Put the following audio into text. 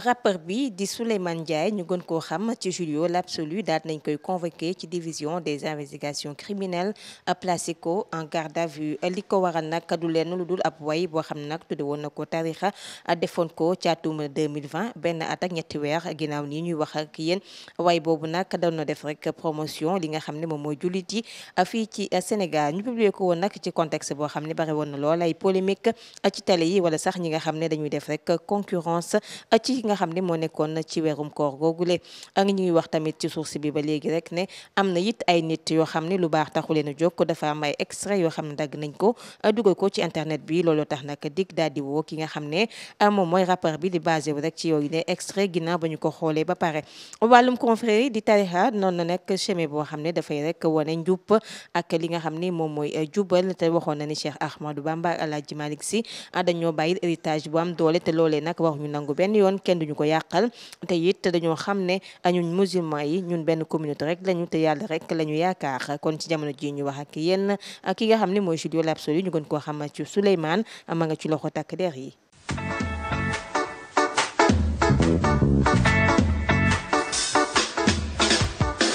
rappeur bi di Souleymane Ndiaye ñu gën koo xam ci Julio l'absolu daal nañ koy convoqué ci division des investigations criminelles placé ko en garde à vue li ko waral nag du lenn lu dul ab way boo xam nag tudde woon na ko tarixa defoon ko ci atum 2020 benn at ak ñetti weer ginnaaw nii wax ak yéen way boobu nag doon na def rek promotion li nga xam ne moom mooy julit yi fii ci Sénégal ñu publié ko woon nag ci contexte boo xam ne bari woon na lool ay polémique ci télé yi wala sax ñi nga xam ne dañuy def rek concurrence ci nga xam ne moo nekkoon ci weerum koor googule ak ñuy wax tamit ci source bi ba léegi rek ne am na it ay nit yoo xam ne lu baax taxu leen a jóg ko am ay extrait yoo xam ne dagg nañ ko dugal ko ci internet bi looloo tax nag dig daal di woo ki nga xam ne moom mooy rapport bi di basé wu rek ci yooyu ne extrait ginnaaw ba ñu ko xoolee ba pare wàllum confrérie di tarixa noonu na nekk chemin boo xam ne dafay rek wane njub ak li nga xam ne moom mooy eh, jubal te waxoon na ni Cheikh Ahmadou ba ak Alaaji Malick Si ah, dañoo bàyyil héritage bu am doole kenn duñu ko yàqal te it dañoo xam ne ñun musulman yi ñun benn communauté rek lañu te yàlla rek lañu yaakaar kon ci jamono ji ñu wax ak yéen ki nga xam ne mooy Julio Lapsody ñu gën koo xam ci Souleymane ma nga ci loxo takk der yi